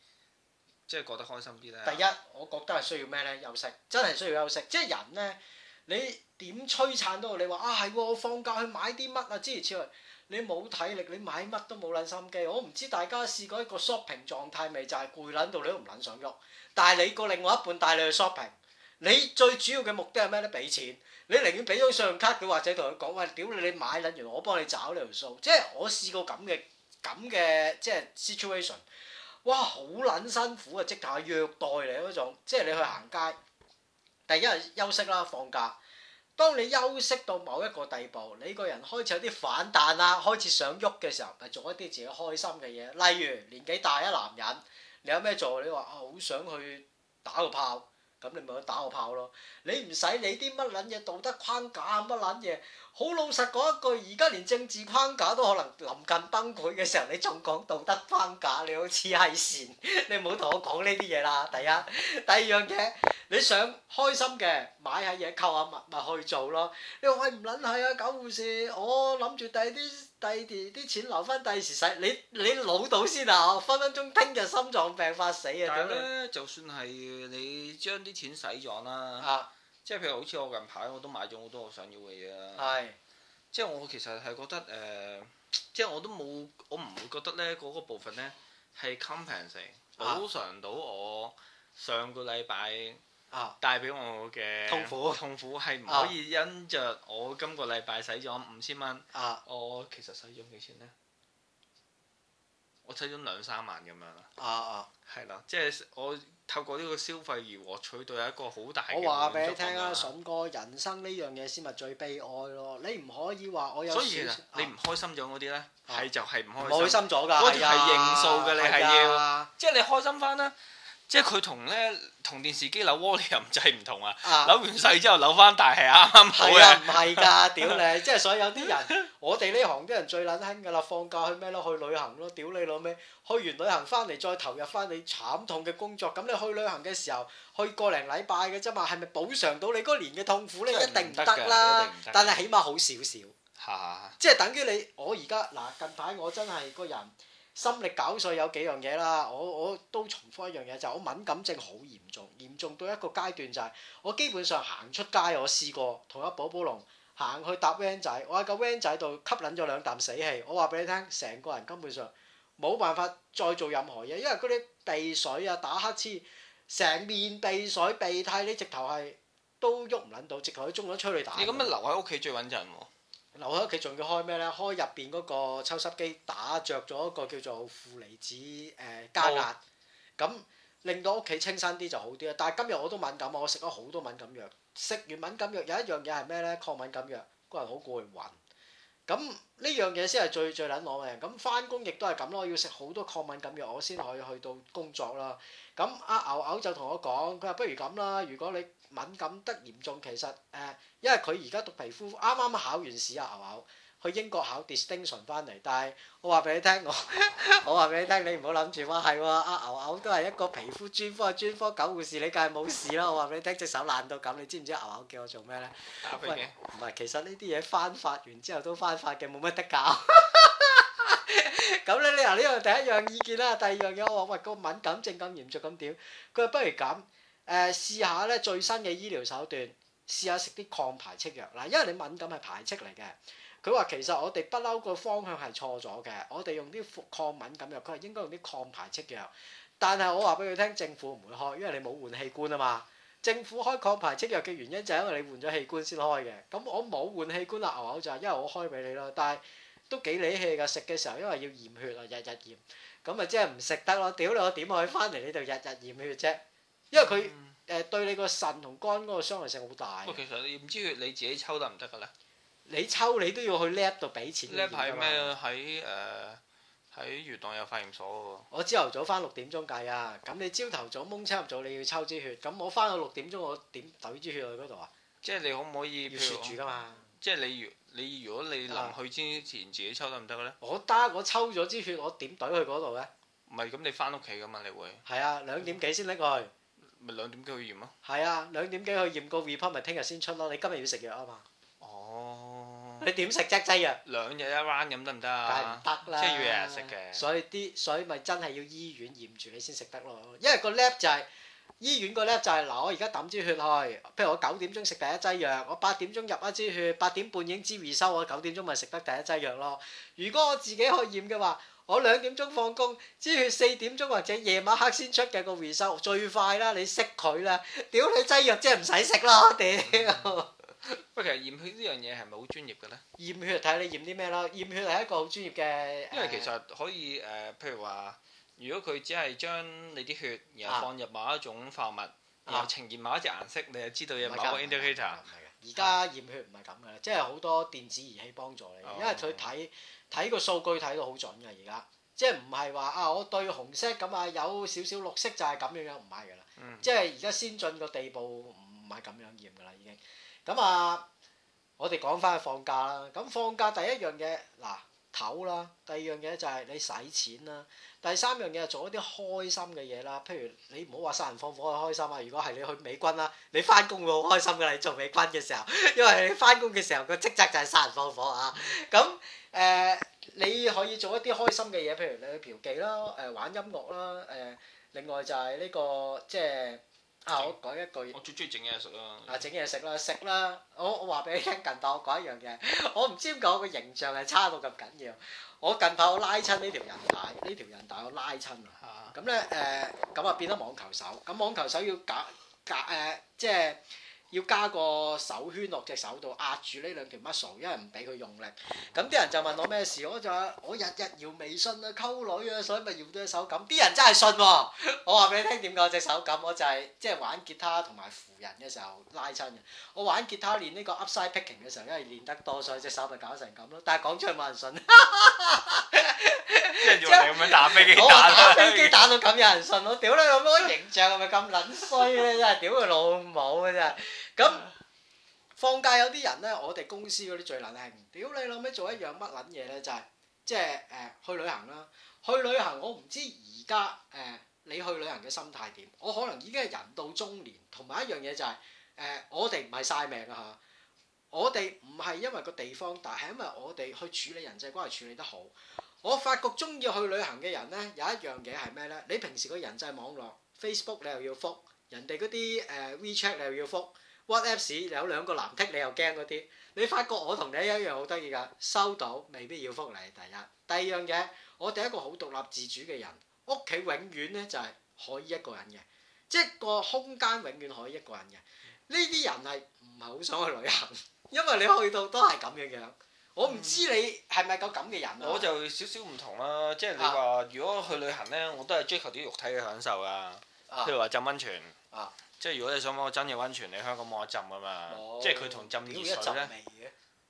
S2: 即係過得開心啲咧？第一，
S1: 我覺得係需要咩咧？休息真係需要休息，即係人咧。你點摧殘到你話啊係喎？我放假去買啲乜啊？諸如此類，你冇體力，你買乜都冇撚心機。我唔知大家試過一個 shopping 狀態未？就係攰撚到你都唔撚想喐。但係你個另外一半帶你去 shopping，你最主要嘅目的係咩咧？俾錢。你寧願俾張信用卡，或者同佢講話，屌，哎，你你買撚完，我幫你找呢條數。即係我試過咁嘅咁嘅即係 situation。哇！好撚辛苦啊，即係虐待你嗰種。即係你去行街。一日休息啦，放假。當你休息到某一個地步，你個人開始有啲反彈啦，開始想喐嘅時候，咪做一啲自己開心嘅嘢。例如年紀大嘅男人，你有咩做？你話好想去打個炮。咁你咪打個炮咯！你唔使理啲乜撚嘢道德框架啊乜撚嘢，好老實講一句，而家連政治框架都可能臨近崩潰嘅時候，你仲講道德框架？你好似係善，你唔好同我講呢啲嘢啦。第一，第二樣嘢，你想開心嘅買下嘢，購下物，咪去做咯。你話喂唔撚係啊，搞護士，我諗住第啲。第啲啲錢留翻第時使，你你老到先啊！分分鐘聽日心臟病發死啊！咁咧？
S2: 就算係你將啲錢使咗啦，啊、即係譬如好似我近排我都買咗好多我想要嘅嘢啦，是即係我其實係覺得誒、呃，即係我都冇，我唔會覺得咧嗰、嗰個部分咧係 compensate 補償到我上個禮拜。啊啊！帶俾我嘅痛苦，啊、痛苦係唔可以因着我今個禮拜使咗五千蚊，啊、我其實使咗幾錢呢？我使咗兩三萬咁樣啊啊！係、啊、啦，即係、就是、我透過呢個消費而獲取到一個好大。我話俾你聽啊，筍
S1: 哥，人生呢樣嘢先咪最悲哀咯！你唔可以話我有。所以其實
S2: 你唔開心咗嗰啲呢？係、啊、就係唔開心。唔開心咗㗎係啊！嗰條認數嘅，哎、呀你係要即係、哎、呀你開心翻啦。即係佢同咧同電視機扭蝸你又唔制唔同啊！啊扭完細之後扭翻大係啱啱好嘅。係啊，唔係㗎，屌你！
S1: 即係 所以有啲人， 我哋呢行啲人最撚興㗎啦。放假去咩咯？去旅行咯！屌你老味。去完旅行翻嚟再投入翻你慘痛嘅工作。咁你去旅行嘅時候去個零禮拜嘅啫嘛，係咪補償到你嗰年嘅痛苦咧？你一定唔得啦！但係起碼好少少，少。即係、啊、等於你，我而家嗱近排我真係個人。心力搞碎有幾樣嘢啦，我我都重複一樣嘢，就係、我敏感症好嚴重，嚴重到一個階段就係、是、我基本上行出街，我試過同阿寶寶龍行去搭 van 仔，我喺個 van 仔度吸引咗兩啖死氣，我話俾你聽，成個人根本上冇辦法再做任何嘢，因為嗰啲鼻水啊、打乞嗤、成面鼻水鼻涕，你直頭係都喐唔撚到，直頭去中咗催淚彈。你咁咪留
S2: 喺屋企最穩陣喎？
S1: 留喺屋企仲要開咩咧？開入邊嗰個抽濕機，打着咗一個叫做負離子誒加壓，咁、哦、令到屋企清新啲就好啲啦。但係今日我都敏感，我食咗好多敏感藥。食完敏感藥有一樣嘢係咩咧？抗敏感藥個人好攰暈。咁呢樣嘢先係最最撚攞命，咁翻工亦都係咁咯，我要食好多抗敏感藥，我先可以去到工作啦。咁、啊、阿牛牛就同我講，佢話不如咁啦，如果你敏感得嚴重，其實誒、呃，因為佢而家讀皮膚，啱啱考完試啊，牛牛。去英國考 distinction 翻嚟，但係我話俾你聽，我 我話俾你聽，你唔好諗住哇係喎，阿、啊、牛牛都係一個皮膚專科，專科狗護士，你梗係冇事啦。我話俾你聽，隻手爛到咁，你知唔知牛牛叫我做咩咧？唔係，其實呢啲嘢翻發完之後都翻發嘅，冇乜得搞。咁 咧，你嗱呢個第一樣意見啦，第二樣嘢我話喂個敏感症咁嚴重咁點？佢話不如咁，誒試下咧最新嘅醫療手段，試下食啲抗排斥藥嗱，因為你敏感係排斥嚟嘅。佢話其實我哋不嬲個方向係錯咗嘅，我哋用啲抗敏感藥，佢係應該用啲抗排斥藥。但係我話俾佢聽，政府唔會開，因為你冇換器官啊嘛。政府開抗排斥藥嘅原因就係因為你換咗器官先開嘅。咁我冇換器官啊，牛牛就係因為我開俾你咯。但係都幾理氣噶，食嘅時候因為要驗血啊，日日驗。咁咪即係唔食得咯？屌你，我點可以翻嚟你就日日驗血啫？因為佢誒對你個腎同肝嗰個傷害性好大、嗯。
S2: 其實驗支血你自己抽得唔得嘅咧？
S1: 你抽，你都要去叻度俾錢 lab 喺咩？
S2: 喺誒，喺越檔有化驗所喎。
S1: 我朝頭早翻六點鐘計啊，咁你朝頭早蒙七入早你要抽支血，咁我翻到六點鐘我點隊支血去嗰度啊？即係你
S2: 可唔可以？要雪住㗎嘛？即係你如你，你如果你臨去之前自己抽得唔得嘅咧？
S1: 我得，我抽咗支血，我點隊去嗰度咧？
S2: 唔係咁，你翻屋企㗎嘛？你會？
S1: 係啊，兩點幾先拎過去？咪兩點幾去驗咯？係啊，兩點幾去驗個 report 咪聽日先出咯？你今日要食藥啊嘛？你點食啫劑藥？兩日一彎飲得唔得啊？梗係唔得啦，即係要日日食嘅，所以啲所以咪真係要醫院驗住你先食得咯。因為個 lab 就係醫院個 lab 就係嗱，我而家抌支血去，譬如我九點鐘食第一劑藥，我八點鐘入一支血，八點半影支回收，我九點鐘咪食得第一劑藥咯。如果我自己去驗嘅話，我兩點鐘放工，支血四點鐘或者夜晚黑先出嘅個回收最快啦。你識佢啦，屌你劑藥真係唔使食咯，屌！
S2: 喂，其實驗血是是呢樣嘢係咪好專業嘅咧？
S1: 驗血睇你驗啲咩咯？驗血係一個好專業嘅。呃、因為其實
S2: 可以誒，譬、呃、如話，如果佢只係將你啲血然後放入某一種化物，啊、然後呈現某一種顏色，啊、你就知道有某個 indicator。
S1: 而家驗血唔係咁嘅，即係好多電子儀器幫助你，哦、因為佢睇睇個數據睇到好準嘅而家，即係唔係話啊？我對紅色咁啊，有少少綠，綠色就係咁樣樣唔係㗎啦。即係而家先進個地步唔係咁樣驗㗎啦，已經。咁啊，我哋講翻去放假啦。咁放假第一樣嘢，嗱，唞啦；第二樣嘢就係你使錢啦；第三樣嘢係做一啲開心嘅嘢啦。譬如你唔好話殺人放火係開心啊。如果係你去美軍啦，你翻工會好開心㗎。你做美軍嘅時候，因為你翻工嘅時候個職責就係殺人放火啊。咁誒、呃，你可以做一啲開心嘅嘢，譬如你去嫖妓啦、誒、呃、玩音樂啦、誒、呃、另外就係呢個即係。啊！我講一句，我最中意整嘢食啦。啊，整嘢食啦，食啦！我我話俾你聽近排我講一樣嘢，我唔知點解，我個形象係差到咁緊要。我近排我拉親呢條人大，呢條人大我拉親啊呢。咁咧誒，咁啊變咗網球手。咁網球手要揀揀誒，即係。要加個手圈落隻手度壓住呢兩條 muscle，因為唔俾佢用力。咁啲人就問我咩事，我就話我日日搖微信啊溝女啊，所以咪搖到隻手咁。啲人真係信喎！我話俾你聽點解隻手咁，我就係即係玩吉他同埋扶人嘅時候拉親嘅。我玩吉他練呢個 upside picking 嘅時候，因為練得多，所以隻手咪搞成咁咯。但係講出去冇人信。
S2: 即係用你咁樣打
S1: 飛機打到咁有人信咯？屌你老母！形象係咪咁撚衰咧？真係，屌佢老母啊！真係。咁放假有啲人咧，我哋公司嗰啲最撚興，屌你老味做一樣乜捻嘢咧？就係即係誒去旅行啦。去旅行我唔知而家誒你去旅行嘅心態點。我可能已經係人到中年，同埋一樣嘢就係誒我哋唔係晒命啊吓。我哋唔係因為個地方，但係因為我哋去處理人際關係處理得好。我發覺中意去旅行嘅人咧，有一樣嘢係咩咧？你平時個人際網絡 Facebook 你又要覆人哋嗰啲誒 WeChat、呃、你又要覆。WhatsApp 有兩個藍剔，你又驚嗰啲？你發覺我同你一樣好得意㗎，收到未必要覆你。第一，第二樣嘢，我哋一個好獨立自主嘅人，屋企永遠咧就係可以一個人嘅，即係個空間永遠可以一個人嘅。呢啲人係唔係好想去旅行？因為你去到都係咁樣樣。我唔知你係咪個咁嘅人啊？我就
S2: 少少唔同啦、啊，即係你話、啊、如果去旅行咧，我都係追求啲肉體嘅享受㗎、啊，啊、譬如話浸温泉。啊即係如果你想揾我真嘅温泉，你香港冇得浸噶嘛，哦、即係佢同浸熱水咧，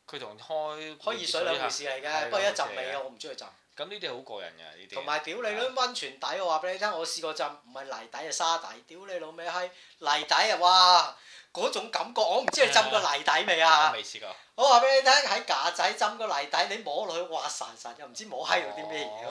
S2: 佢同開開熱水兩回事嚟嘅，對不，一的不過一浸味啊，我唔
S1: 中意浸。咁呢啲好過癮㗎呢啲。同埋屌你啦，温泉底我話俾你聽，我試過浸，唔係泥底啊沙底，屌你老味閪，泥底啊，哇，嗰種感覺我唔知你浸過泥底未啊？我未試過。我話俾你聽，喺架仔浸個泥底，你摸落去滑潺潺，又唔知摸閪到啲咩嘢。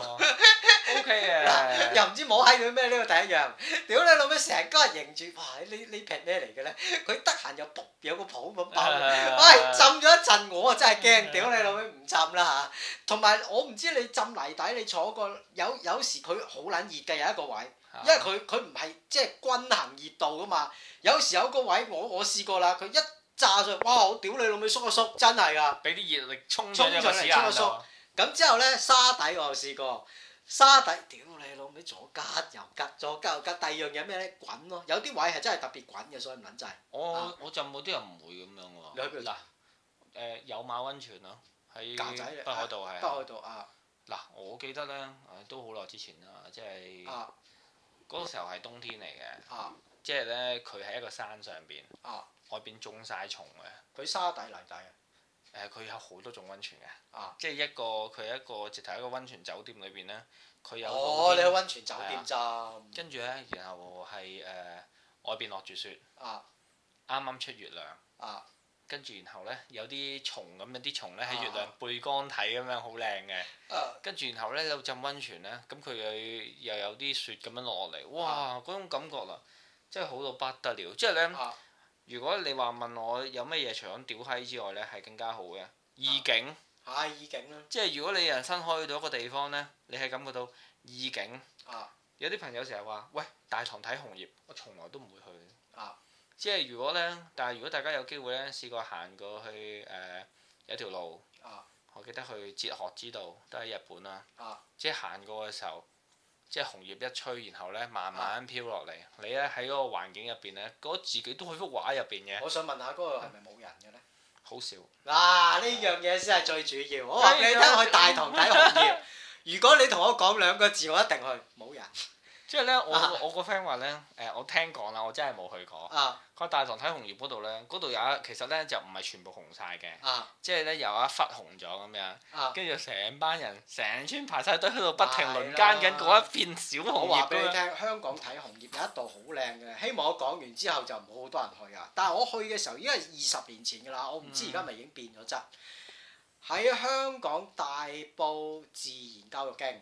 S1: O.K. 啊， okay. 又唔知摸閪到咩，呢個第一樣。屌你老味，成家人迎住，哇！呢呢片咩嚟嘅咧？佢得閒又卟有個泡咁爆。喂、 哎，浸咗一陣，我啊真係驚。屌你老味，唔浸啦嚇。同埋我唔知你浸泥底，你坐過有有時佢好撚熱嘅有一個位，因為佢佢唔係即係均衡熱度噶嘛。有時候有個位，我我，我試過啦，佢一。炸上去，哇！我屌你老味縮個縮，真係噶。
S2: 俾啲熱力衝，衝上嚟，衝個縮。
S1: 咁之後咧，沙底我又試過，沙底屌你老味左隔右隔，左吉右吉左隔右隔。第二樣嘢咩咧？滾咯，有啲位係真係特別滾嘅，所以唔撚滯。
S2: 我我就冇啲人唔會咁樣喎。嗱，誒有馬温泉咯，喺北海道係。北海道啊。嗱，我記得咧，都好耐之前啦，即係嗰個時候係冬天嚟嘅，即係咧佢喺一個山上邊。外邊種晒蟲嘅，佢沙底泥底嘅，誒佢、呃、有好多種温泉嘅，啊、即係一個佢一個直頭一個温泉酒店裏邊咧，佢有。哦，你去温泉酒店浸。跟住咧，然後係誒外邊落住雪。啊。啱啱出月亮。啊。跟住然後咧，有啲蟲咁、啊、樣，啲蟲咧喺月亮背光睇咁樣好靚嘅。跟住、啊、然後咧，喺度浸温泉咧，咁佢又有啲雪咁樣落嚟，哇！嗰種感覺啦，真係好到不得了，即係咧。如果你話問我有咩嘢除咗屌閪之外呢，係更加好嘅意境，
S1: 係、啊啊、意境啦、啊。
S2: 即係如果你人生可以到一個地方呢，你係感覺到意境。啊！有啲朋友成日話：喂，大堂睇紅葉，我從來都唔會去。啊、即係如果呢，但係如果大家有機會呢，試過行過去誒、呃、有一條路。啊、我記得去哲學之道，都喺日本啦。啊、即係行過嘅時候。即係紅葉一吹，然後咧慢慢飄落嚟。的你咧喺嗰個環境入邊咧，覺得自己都喺幅畫入邊嘅。我想問
S1: 下嗰、嗰個係咪冇人嘅咧？好笑。嗱、啊，呢樣嘢先係最主要。的我話你聽，去大堂睇紅葉。 如果你同我講兩個字，我一定去。冇人。即
S2: 係咧，我我個 friend 話咧，誒，我聽講啦，我真係冇去過。佢、啊、大棠睇紅葉嗰度咧，嗰度有一其實咧就唔係全部紅晒嘅。即係咧有一忽紅咗咁樣，跟住成班人成村排晒隊喺度不停輪奸緊嗰一片小紅葉。俾佢聽，
S1: 香港睇紅葉有一度好靚嘅，希望我講完之後就唔好多人去啊！但係我去嘅時候已經係二十年前㗎啦，我唔知而家咪已經變咗質。喺、嗯、香港大埔自然教育徑。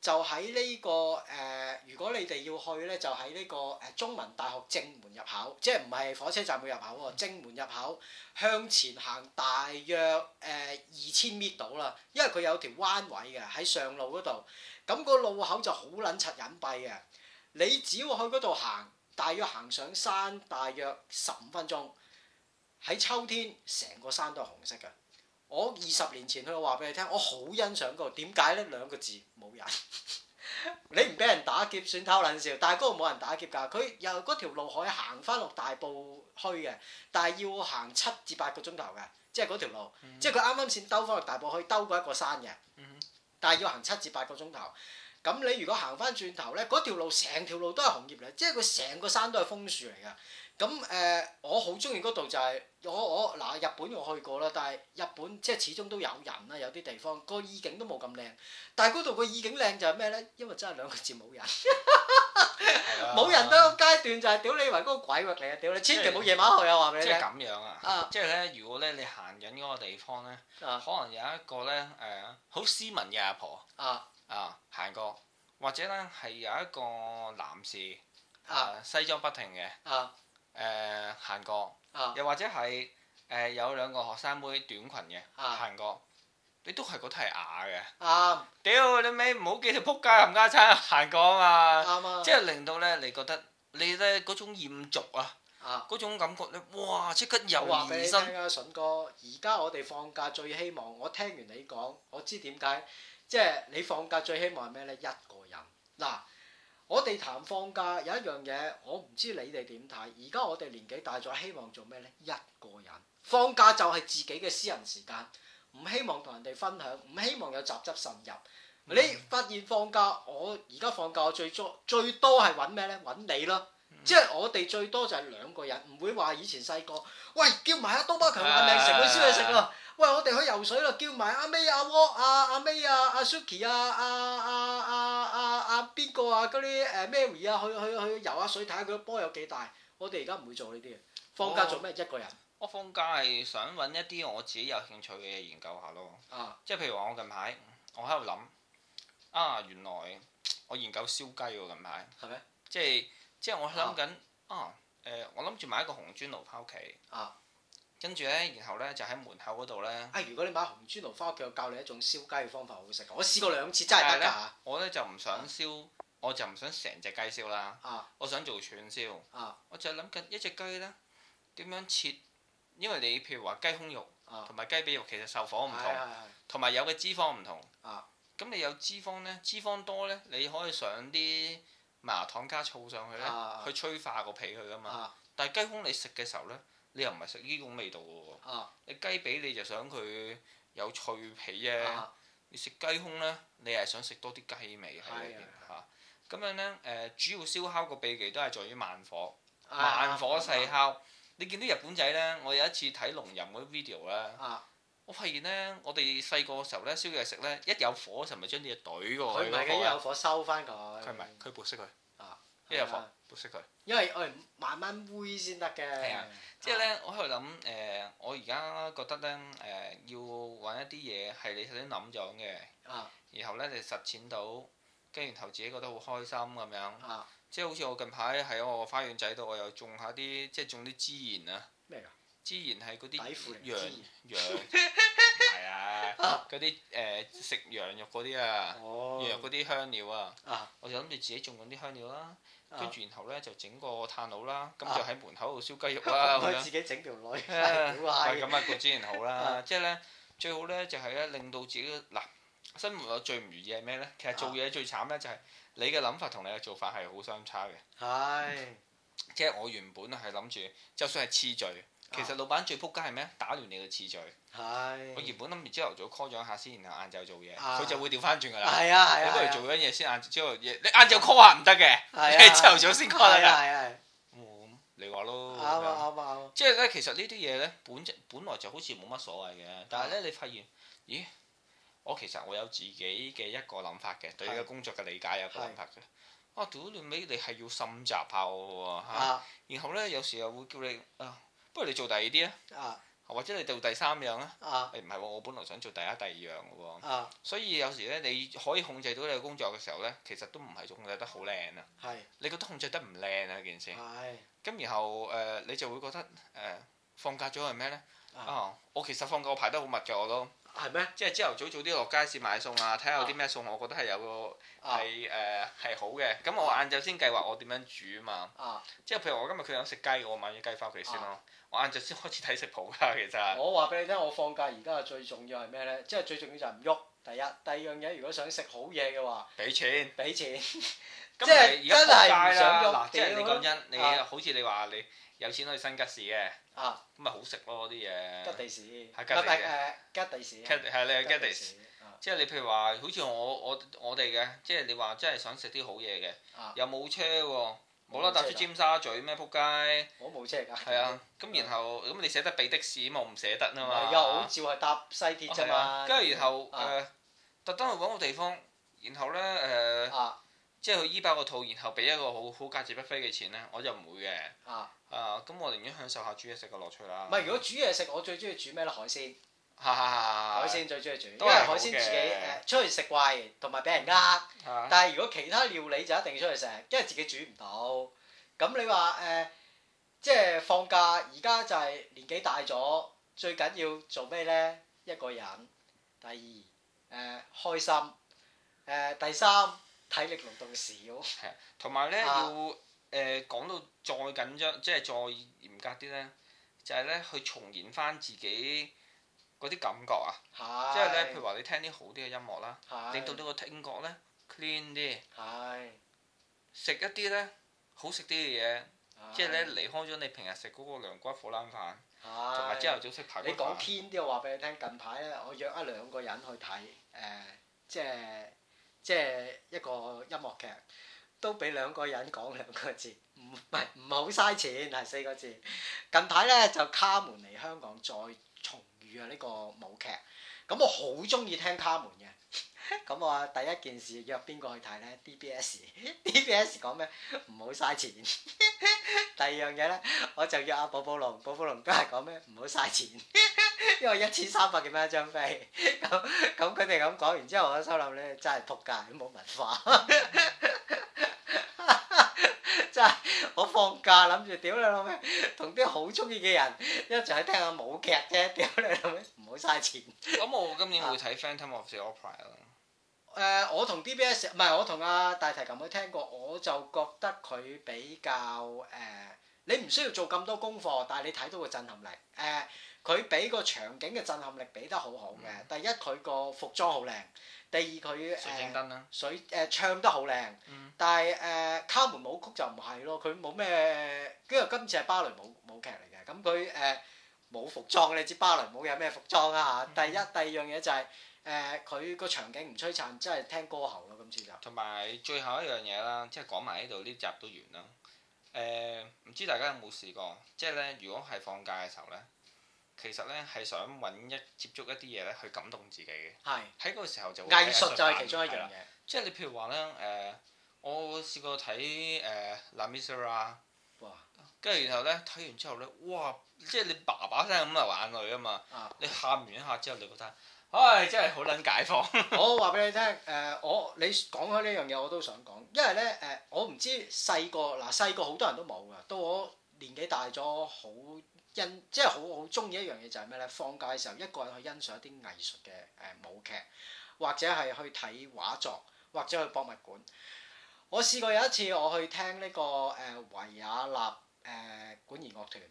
S1: 就喺呢、這個誒、呃，如果你哋要去咧，就喺呢、這個誒、呃、中文大學正門入口，即係唔係火車站嘅入口喎，正門入口向前行大約誒二千米到啦，因為佢有條彎位嘅喺上路嗰度，咁、嗯，那個路口就好撚闌隱蔽嘅。你只要去嗰度行，大約行上山大約十五分鐘，喺秋天成個山都係紅色嘅。我二十年前佢我話俾你聽，我好欣賞、個，點解咧？兩個字，冇人。 你唔俾人打劫算偷冷笑，但係嗰度冇人打劫㗎。佢由嗰條路可以行翻落大埔墟嘅，但係要行七至八個鐘頭嘅，即係嗰條路。嗯、即係佢啱啱先兜翻落大埔墟，兜過一個山嘅。但係要行七至八個鐘頭。咁你如果行翻轉頭咧，嗰條路成條路都係紅葉嚟，即係佢成個山都係楓樹嚟㗎。咁誒、嗯，我好中意嗰度就係、是、我我嗱日本我去過啦，但係日本即係始終都有人啦，有啲地方個意境都冇咁靚。但係嗰度個意境靚就係咩咧？因為真係兩個字冇人，冇、 啊、人都個階段就係屌你以為嗰個鬼嚟啊！屌你千祈唔好夜晚去啊！話俾你，即係咁樣啊！啊即係咧，
S2: 如果咧你行緊嗰個地方咧，啊、可能有一個咧誒好斯文嘅阿婆啊啊行過，或者咧係有一個男士啊西裝不停嘅啊。啊誒行過，uh, 又或者係誒、uh, 有兩個學生妹短裙嘅、uh, 行過，你都係覺得係啞嘅。
S1: 啱、uh,，
S2: 屌你咪唔好幾條撲街冚家鏟行過啊嘛！啱啊，即係令到咧，你覺得你咧嗰種厭俗啊，嗰、uh, 種感覺咧，哇！即刻又話畀你聽
S1: 啊，筍哥！而家我哋放假最希望，我聽完你講，我知點解，即係你放假最希望係咩咧？一個人嗱。我哋談放假有一樣嘢，我唔知你哋點睇。而家我哋年紀大咗，希望做咩呢？一個人放假就係自己嘅私人時間，唔希望同人哋分享，唔希望有雜質滲入。你發現放假，我而家放假最多最多係揾咩呢？揾你咯，即係我哋最多就係兩個人，唔會話以前細個，喂，叫埋阿多巴強阿命食去燒嘢食啊！喂，我哋去游水啦，叫埋阿 May 阿窩阿阿 May 阿阿 Suki 啊！啊」阿、啊、阿。啊啊啊，邊個啊？嗰啲誒 Mary 啊，去去去游下水，睇下佢波有幾大？我哋而家唔會做呢啲嘅。放假做咩？一個人。哦、
S2: 我放假係想揾一啲我自己有興趣嘅嘢研究下咯。啊。即係譬如話，我近排我喺度諗，啊原來我研究燒雞喎近排。係咩？即係即係我諗緊啊誒、啊呃，我諗住買一個紅磚爐翻屋企。啊。跟住咧，然後咧就喺門口嗰度咧。
S1: 啊！如果你買紅磚爐，翻屋企我教你一種燒雞嘅方法，好食。我試過兩次，真係得㗎。
S2: 我咧就唔想燒，我就唔想成隻雞燒啦。啊我！啊我想做串燒。啊！我就係諗緊一隻雞咧，點樣切？因為你譬如話雞胸肉，同埋雞髀肉其實受火唔同，同埋、啊、有嘅脂肪唔同。啊！咁你有脂肪咧，脂肪多咧，你可以上啲麻辣糖加醋上去咧，啊啊、去催化個皮佢㗎嘛。但係雞胸你食嘅時候咧。你又唔係食呢種味道嘅喎，你、啊、雞髀你就想佢有脆皮啫，啊、你食雞胸呢，你係想食多啲雞味喺裏邊嚇。咁的、啊、樣呢，誒、呃、主要燒烤個秘技都係在於慢火，慢火細烤。啊啊、你見到日本仔呢，我有一次睇龍吟嗰 video 呢，啊、我發現呢，我哋細個嘅時候呢，燒嘢食呢，一有火就咪將啲嘢懟過去，佢唔係一有火
S1: 收翻佢，那
S2: 個。佢唔係，佢撥熄佢。一日放都識佢。
S1: 因為我哋慢慢煨先得嘅。係啊。
S2: 即係咧，我喺度諗誒，我而家覺得咧誒，要揾一啲嘢係你頭先諗咗嘅。然後咧就實踐到，跟住然後自己覺得好開心咁樣。啊。即係好似我近排喺我個花園仔度，我又種下啲即係種啲孜然啊。咩㗎？孜然係嗰啲。羊，褲嚟啊。嗰啲誒食羊肉嗰啲啊。哦。羊嗰啲香料啊。啊。我就諗住自己種緊啲香料啦。跟住然後咧就整個炭爐啦，咁就喺門口度燒雞肉啦，咁自己整條女。係咁啊，固之然好啦。 即係咧，最好咧就係、是、咧令到自己嗱，生活有最唔如意係咩咧？其實做嘢最慘咧就係你嘅諗法同你嘅做法係好相差嘅。係 是。即係我原本係諗住，就算係痴醉。其實老闆最撲街係咩？打亂你個次序。係。
S1: 我原
S2: 本諗住朝頭早 call 咗一下先，然後晏晝做嘢，佢就會調翻轉㗎啦。係啊係啊。你都做緊嘢先，晏朝頭夜，你晏晝 call 下唔得嘅，係朝頭早先 call 啦。係係。咁你話咯。啊啱啊啱啊！即係咧，其實呢啲嘢咧，本質本來就好似冇乜所謂嘅，但係咧你發現，咦？我其實我有自己嘅一個諗法嘅，對呢個工作嘅理解有個諗法嘅。啊！屌你尾你係要心雜炮嘅喎，然後咧有時又會叫你啊～不如你做第二啲啊，或者你做第三樣啊。誒唔係喎，我本來想做第一、第二樣嘅喎。所以有時咧，你可以控制到你嘅工作嘅時候咧，其實都唔係控制得好靚啊。你覺得控制得唔靚啊？件事。咁然後誒你就會覺得誒放假咗係咩咧？哦，我其實放假我排得好密咗，我都。係咩？即係朝頭早早啲落街市買餸啊，睇下有啲咩餸我覺得係有個係誒係好嘅。咁我晏晝先計劃我點樣煮啊嘛。即係譬如我今日佢想食雞嘅，我買啲雞翻屋企先咯。我晏晝先開始睇食譜噶，其實。我話
S1: 俾你聽，我放假而家啊最重要係咩咧？即係最重要就係唔喐。第一，第二樣嘢如果想食好嘢嘅話，
S2: 俾錢。俾錢。即係真係唔想喐。即係你講真，你好似你話你有錢可以新吉士嘅。啊。咁咪好食咯啲嘢。吉地士。
S1: 吉地。吉地士。係你吉地士。
S2: 即係你譬如話，好似我我我哋嘅，即係你話真係想食啲好嘢嘅，又冇車喎。
S1: 冇啦，搭出尖
S2: 沙咀咩？仆街，我冇車㗎。係啊的，咁、嗯、然後咁、嗯、你捨得俾的士，我唔捨得啊嘛。又好似係搭西鐵啫嘛。跟住、啊、然後誒，嗯呃、特登去揾個地方，然後咧誒，呃啊、即係去醫爆個肚，然後俾一個好好價值不菲嘅錢咧，我就唔會嘅。啊。誒、啊，咁我寧願享受下煮嘢食嘅樂趣啦。唔係，如果
S1: 煮嘢食，我最中意煮咩咧？海鮮。嚇！啊、海鮮最中意煮，因為海鮮自己誒出去食貴，同埋俾人呃。啊、但係如果其他料理就一定要出去食，因為自己煮唔到。咁你話誒、呃，即係放假而家就係年紀大咗，最緊要做咩咧？一個人，第二誒、呃、開心，誒、呃、第三體力勞動少。同埋咧要誒、呃、
S2: 講到再緊張，即係再嚴格啲咧，就係、是、咧去重現返自己。嗰啲感覺啊，
S1: 是即係咧，譬如話
S2: 你聽啲好啲嘅音樂啦，令是到呢個聽覺咧 clean 啲。係是，食一啲咧好食啲嘅嘢，
S1: 是即係咧離
S2: 開咗你平日食嗰個涼瓜火腩飯，同埋朝頭早食排骨飯。你講
S1: clean 啲，我話俾你聽，近排咧我約一兩個人去睇，誒、呃，即係即係一個音樂劇，都俾兩個人講兩個字，唔唔唔好嘥錢係四個字。近排咧就卡門嚟香港再。呢個舞劇，咁我好中意聽卡門嘅，咁我第一件事約邊個去睇咧？D B S，D B S 講咩？唔好嘥錢。第二樣嘢咧，我就約阿寶寶龍，寶寶龍都係講咩？唔好嘥錢，因為一千三百幾蚊一張飛。咁咁佢哋咁講完之後，我收，我心諗咧真係仆街，冇文化。 我放假諗住，屌你老味，同啲好中意嘅人一齊去聽下舞劇啫，屌你老味，唔好嘥錢。咁我今
S2: 年會睇《Phantom of the Opera》啦。誒、啊，
S1: 我同 D B S 唔係我同阿大提琴去聽過，我就覺得佢比較誒、啊，你唔需要做咁多功課，但係你睇到個震撼力。誒、啊，佢俾個場景嘅震撼力俾得好好嘅，嗯、第一佢個服裝好靚。第二佢水晶燈啦、啊，水、呃、誒唱得好靚、嗯呃，但係誒卡門舞曲就唔係咯，佢冇咩，跟住今次係芭蕾舞舞劇嚟嘅，咁佢誒冇服裝你知芭蕾舞有咩服裝啊嚇？嗯、第一、第二樣嘢就係誒佢個場景唔璀璨，即係聽歌喉咯今次就。
S2: 同埋最後一樣嘢啦，即係講埋呢度呢集都完啦。誒、呃、唔知大家有冇試過，即係咧如果係放假嘅時候咧。其實咧係想揾一接觸一啲嘢咧去感動自己嘅，喺嗰個時候就會藝術就係其中一樣嘢、嗯。即係你譬如話咧，誒，我試過睇誒、呃《La Missa 哇》跟住然後咧睇完之後咧，哇！即係你爸爸聲咁流眼淚啊嘛，
S1: 啊你喊完一下之後你覺得，唉、哎，真係好撚解放哈哈我、呃。我話俾你聽，誒、呃，我你講開呢樣嘢我都想講，因為咧誒，我唔知細個嗱細個好多人都冇㗎，到我年紀大咗好。欣即係好好中意一樣嘢就係咩咧？放假嘅時候一個人去欣賞一啲藝術嘅誒舞劇，或者係去睇畫作，或者去博物館。我試過有一次我去聽呢、這個誒、呃、維也納誒、呃、管弦樂團。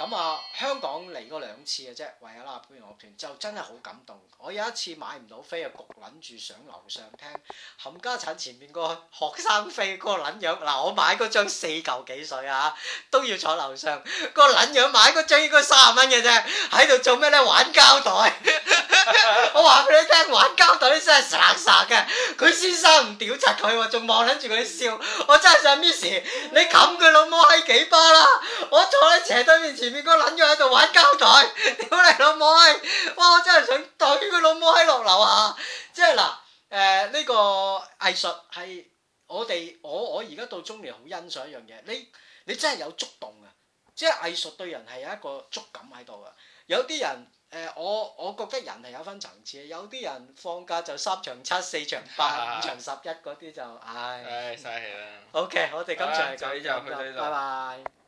S1: 咁啊，香港嚟過兩次嘅啫，維也納管弦樂團就真係好感動。我有一次買唔到飛啊，焗撚住上樓上聽冚家產前面個學生飛嗰個撚樣，嗱我買嗰張四嚿幾水啊，都要坐樓上。嗰、那個撚樣買嗰張應該三十蚊嘅啫，喺度做咩咧玩膠袋？ 我話俾你聽，玩膠袋啲真係成日嘅。佢先生唔屌窒佢喎，仲望撚住佢笑。我真係想 miss 你冚佢老母喺幾巴啦！我坐喺斜對面前面嗰撚樣喺度玩膠袋，屌你老母哇！我真係想打住佢老母喺落樓下。即係嗱，誒、呃、呢、呢個藝術係我哋我我而家到中年好欣賞一樣嘢，你你真係有觸動嘅，即係藝術對人係有一個觸感喺度嘅。有啲人。誒、呃，我我覺得人係有分層次嘅，有啲人放假就三場七、四場八、啊、五場十一嗰啲就，唉、哎，唉、哎，嘥氣啦。OK，我哋今場就呢度。拜拜。